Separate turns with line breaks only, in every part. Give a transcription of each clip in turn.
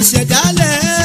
Se gale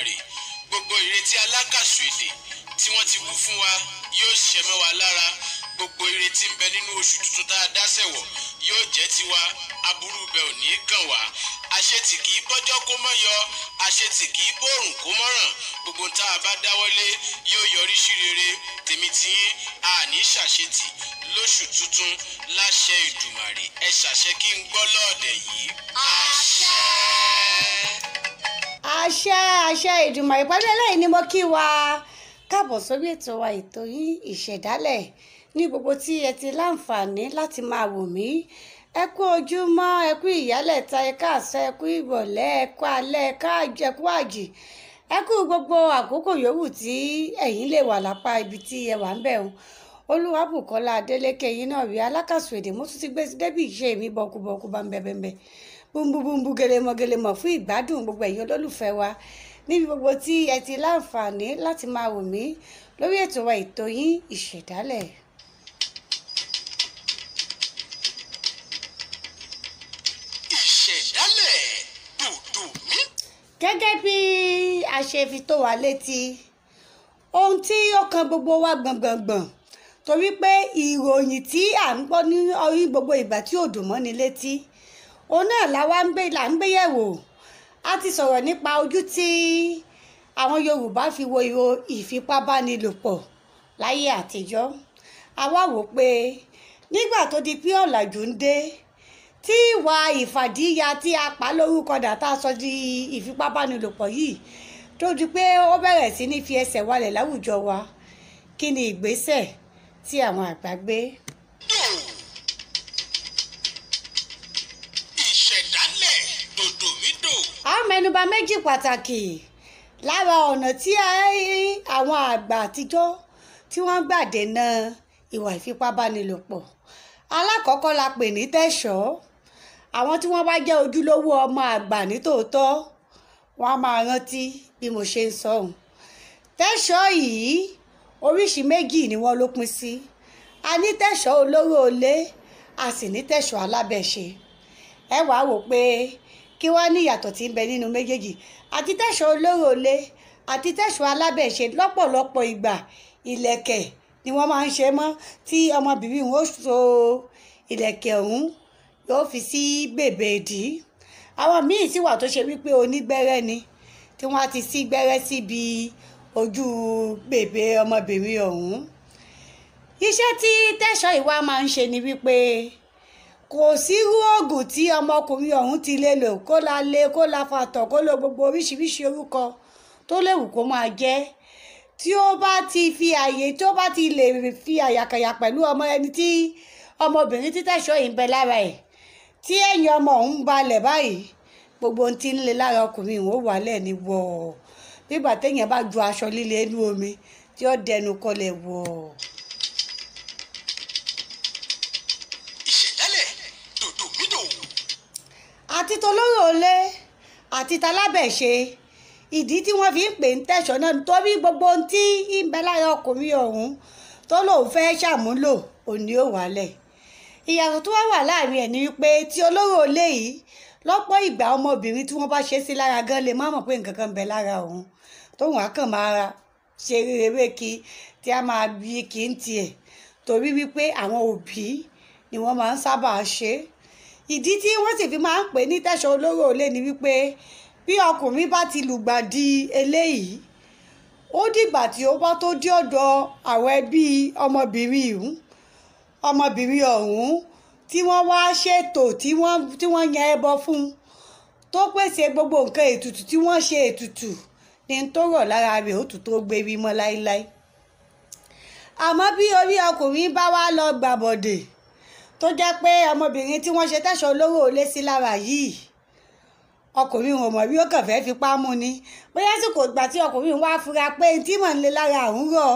Elédùmarè gbogbo ìrètí alákàsù èdè tí wọ́n ti wú fún wa yóò ṣẹ mọ́ wa lára gbogbo ìrètí ń bẹ nínú oṣù tuntun tá a dáṣẹ̀wọ̀ yóò jẹ́ tiwa aburú bẹ ò ní í kàn wá àṣẹ tí kì í bọ́jọ́ kó mọ́ yọ àṣẹ tí kì í bòrùn kó mọ́ràn gbogbo tá a bá dáwọ́lé yóò yọrí sí rere tèmi tiyín àní ṣàṣetì lóṣù tuntun láṣẹ Ìdùmarè ẹ ṣàṣẹ kí n gbọ́ lọ́ọ̀dẹ̀ yìí. àṣẹ àṣẹ àṣẹ Èdùmàrè pẹ̀lú eléyìí ni mo kí wa káàbọ̀ sórí ètò wa ètò yín ìṣẹ̀dálẹ̀ ní gbogbo tí ẹ ti láǹfààní láti máa wò mí ẹ kú ojúmọ́ ẹ kú ìyálẹ̀ta ẹ káàsán ẹ kú ìrọ̀lẹ́ ẹ kú alẹ́ ẹ káàjọ ẹ kú àjì ẹ kú gbogbo àkókò yòówù tí ẹ̀yin lè wà lápá ibi tí ẹ wà ń bẹ̀ o Olúwabùkọ́lá Adélékè yín náà rí alákàsọ èdè mo tún ti gbé débì iṣẹ́ mi bọ̀kúbọ̀kú bá ń bẹ́ẹ̀ bẹ́ẹ̀ bẹ́ẹ̀ búmbúbúmbú gẹlẹmọgẹlẹmọ fún ìgbádùn gbogbo ẹ̀yin olólùfẹ́ wa níbi gbogbo tí ẹ ti láǹfààní láti máa wò mí lórí ètò wa ètò yín ìṣẹ̀dálẹ̀. mi. gẹ́gẹ́ bí a ṣe fi tó wa létí ohun tí ó kan gbogbo wa gbọ̀ngbọ̀ngbọ̀n torí pé ìròyìn tí à ń gbọ́ ní orí gbogbo ìgbà tí ò létí òun náà làwa ń gbé là ń gbé yẹ̀wò a ti sọ̀rọ̀ nípa ojú tí àwọn Yorùbá fi wo ìwo ìfipábánilòpọ̀ láyé àtijọ́ àwa wò pé nígbà tó di pé ọ̀làjú ń dé tí ìwà ìfàdíya tí a pa lórúkọ dàtà sọ di ìfipábánilòpọ̀ yìí tó di pé ó bẹ̀rẹ̀ sí ní fi ẹsẹ̀ walẹ̀ láwùjọ wa kí ni ìgbésẹ̀ tí àwọn àgbà gbé. mẹ́nuba méjì pàtàkì lára ọ̀nà tí àwọn àgbà àtijọ́ tí wọ́n gbà dènà ìwà ìfipábánilòpọ̀ alákọ̀ọ́kọ́ la pè ní tẹ̀ṣọ́ àwọn tí wọ́n bá jẹ́ ojúlówó ọmọ àgbà nítòótọ́ wọ́n á máa rántí bí mo ṣe ń sọ òun tẹ̀ṣọ́ yìí oríṣi méjì ni wọ́n ló pín sí a ní tẹ̀ṣọ́ olóró olé a sì ní tẹ̀ṣọ́ alábẹ́ṣe ẹ wàá wò pé kí wá ní ìyàtọ̀ tí ń bẹ nínú méjèèjì àti tẹ̀sọ̀ olóròlé àti tẹ̀sọ̀ alábẹ̀ṣe lọ́pọ̀lọpọ̀ ìgbà ìlẹ̀kẹ̀ ni wọ́n máa ń ṣe mọ́ tí ọmọbìnrin wọn ó so ìlẹ̀kẹ̀ ọ̀hún yóò fi sí bèbè ìdí àwọn míì sì wà tó ṣe wípé onígbẹ́rẹ́ ni tí wọ́n á ti sí gbẹ́rẹ́ síbi ojú bèbè ọmọbìnrin ọ̀hún iṣẹ́ tí tẹ̀sọ̀ ìwà máa ń ṣe ni wípé kò sírú oògùn tí ọmọkùnrin ọ̀hún ti lè lò kó la lè kó la fatọ̀ kó lo gbogbo oríṣiríṣi orúkọ tó léwu kó máa jẹ́ tí ó bá ti fi àyè tí ó bá ti lè fi àyàkàyà pẹ̀lú ọmọ ẹni tí ọmọbìnrin títẹ̀sọ́ yìí ń bẹ lára ẹ̀ tí ẹ̀yìn ọmọ ọ̀hún balẹ̀ báyìí gbogbo ohun tí ń le lára ọkùnrin ìwọ̀n wàlẹ̀ ní wọ̀ nígbà téèyàn bá ju aṣọ líle inú omi tí ó dẹnu kọlẹ̀ wọ̀ àti talábẹ̀ṣe ìdí tí wọ́n fi ń pè ń tẹ̀sọ́ náà nítorí gbogbo ohun tí ń ọkùnrin ọ̀hún tó lòun fẹ́ ṣàmúlò òní ò wálẹ̀ ìyàtọ̀ tó wá wà láàrin ẹ̀ ni pé tí olóró olé yìí lọ́pọ̀ ìgbà ọmọbìnrin tí wọ́n bá ṣe sí lára gan lè má mọ̀ pé nǹkan kan ń bẹ lára òun tóun á kàn máa ṣe rere kí tí a máa bí kí n tiẹ̀ torí wípé àwọn òbí ni wọ́n máa ń sábà ṣe é ìdí tí wọ́n sì fi máa ń pè ní tẹ̀sán olóró olè ni wípé bí ọkùnrin bá ti lùgbàdì eléyìí ó dìgbà tí ó bá tó dé ọ̀dọ̀ àwọn ẹbí ọmọbìnrin ọ̀hún ọmọbìnrin ọ̀hún tí wọ́n wá ṣètò tí wọ́n tí wọ́n yan ẹbọ fún tó pèsè gbogbo nǹkan ètùtù tí wọ́n ṣe ètùtù ní tó rọ̀ lára rẹ̀ ó tún tó gbé mímọ́ láéláé àmọ́ bí orí ọkùnrin bá wá lọ gbàbọ̀dè tó jẹ́ pé ọmọbìnrin tí wọ́n ṣe tẹ̀sọ̀ olóró lé sí lára yìí ọkùnrin ò mọ̀ bí ó kàn fẹ́ẹ́ fipá mú ni bóyá sì kò gbà tí ọkùnrin wá fura pé tí mò ń lé lára òun rọ̀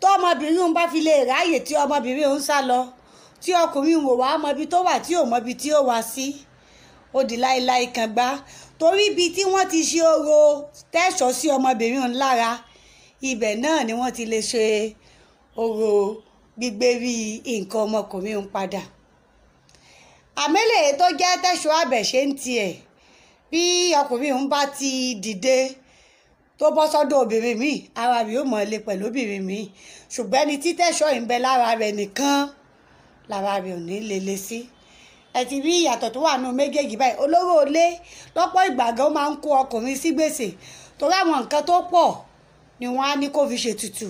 tó ọmọbìnrin bá fi lè ráàyè tí ọmọbìnrin ń sá lọ tí ọkùnrin wò wá mọbi tó wà tí ò mọbi tí ó wá sí ó di láéláé kan gbá torí ibi tí wọ́n ti ṣe orò tẹ̀sọ̀ sí ọmọbìnrin lára ibẹ̀ náà ni wọ́n ti lè ṣe orò gbígbé rí nǹkan ọmọkùnrin ń padà àmẹ́lẹ̀ tó jẹ́ tẹ̀sọ́ àbẹ̀ṣe ń tiẹ̀ bí ọkùnrin ń bá ti dìde tó bọ́ sọ́dọ̀ obìnrin míì ara rẹ̀ ó mọ̀ ẹ́ lé pẹ̀lú obìnrin míì ṣùgbọ́n ẹni tí tẹ̀sọ́ yìí ń bẹ lára rẹ̀ nìkan lára rẹ̀ ò ní lè le sí ẹ ti rí ìyàtọ̀ tó wà nù méjèèjì báyìí olóró ilé lọ́pọ̀ ìgbà gan máa ń kó ọkùnrin sí gbèsè torí àwọn nǹkan tó pọ̀ ni wọ́n á ní kó fi ṣètùtù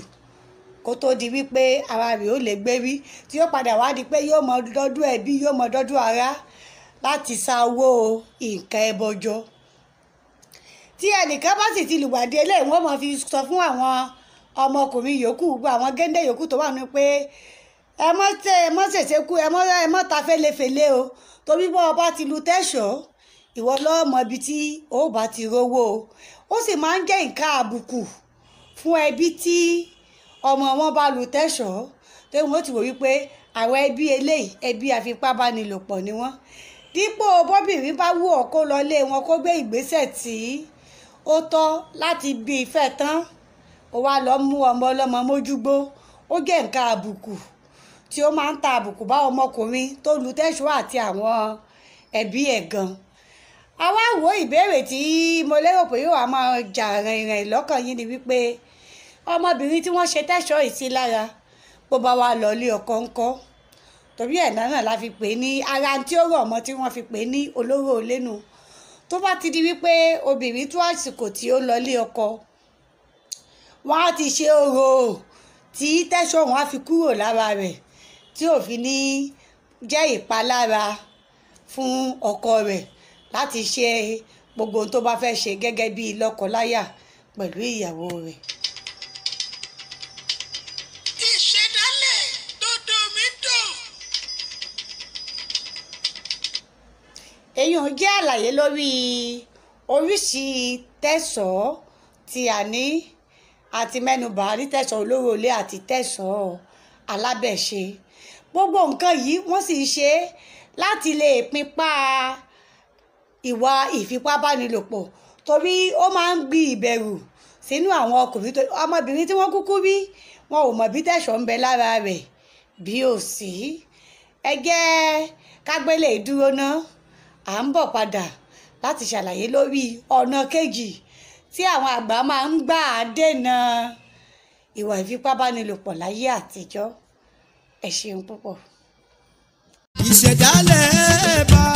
kó tó di wípé ara rẹ̀ ó lè gbé rí tí yóò padà wá di pé yóò mọ dọ́dún ẹbí yóò mọ dọ́dún ara láti sa owó nǹkan ẹbọ tí ẹnìkan bá sì ti lùwàdí eléyìí wọ́n máa fi sọ fún àwọn ọmọkùnrin yòókù gbọ́ àwọn géńdé yòókù tó wà ní pé ẹ mọ́ tẹ ẹ mọ́ ṣẹ̀ṣẹ̀ kú ẹ mọ́ ẹ mọ́ ta fẹ́lẹ́fẹ́lé o torí bọ́ ọba ti lu tẹ́ṣọ̀ ìwọ lọ́mọ ibi tí ó bá ti rówó o ó sì máa ń jẹ́ nǹkan àbùkù fún ẹbí tí ọmọ wọn bá lu tẹ́ṣọ̀ọ́ tó wọ́n ti wò wípé àwọn ẹbí eléyìí ẹbí àfipábánilòpọ̀ ni wọ́n dípò bọ́bìnrin bá wù ọ́ kó lọlé wọn kó gbé ìgbésẹ̀ tí ó tọ́ láti bí ìfẹ́ tán ó wá lọ mú ọmọ ọlọ́mọ mójúgbó ó gé nǹkan àbùkù tí ó máa ń ta àbùkù bá ọmọkùnrin tó lu tẹ́ṣọ̀ọ́ àti àwọn ẹbí ẹ̀ gan àwa wo ìbéèrè tí mo lérò pé yóò wá máa jà rìnrìn lọ́kàn yín ni wípé ọmọbìnrin tí wọ́n ṣe tẹ́ṣọ̀ ìsí lára bó bá wa lọ ilé ọkọ ńkọ́ torí ẹ̀ náà la fi pè é ní ara tí ó rọ̀ mọ́ tí wọ́n fi pè ní olóró olénu tó bá ti di wípé obìnrin tó àsìkò tí ó lọ ilé ọkọ wọ́n á ti ṣe orò tí tẹ́ṣọ̀ wọn á fi kúrò lára rẹ̀ tí ò fi ní jẹ́ ìpalára fún ọkọ rẹ̀ láti ṣe gbogbo ohun tó bá fẹ́ ṣe gẹ́gẹ́ bí lọ́kọláya pẹ̀lú ìyàwó rẹ̀. èyàn jẹ́ àlàyé lórí oríṣi tẹ̀sọ̀ tí a ní àti mẹ́nubà ní tẹ̀sọ̀ olórólé àti tẹ̀sọ̀ alábẹ̀ṣe gbogbo nǹkan yìí wọ́n sì ṣe láti lè pinpa ìwà ìfipábánilòpọ̀ torí ó máa ń gbi ìbẹ̀rù sínú àwọn ọkùnrin tó ọmọbìnrin tí wọ́n kúkú rí wọn ò mọ̀ bí tẹ̀sọ̀ ń bẹ lára rẹ̀ bí ò sí ẹ jẹ́ kágbélé e dúró náà à ń bọ̀ padà láti ṣàlàyé lórí ọ̀nà kejì tí àwọn àgbà máa ń gbà dènà ìwà ìfipábánilòpọ̀ láyé àtijọ́ ẹ ṣeun púpọ̀. ìṣẹ̀dálẹ̀ bá.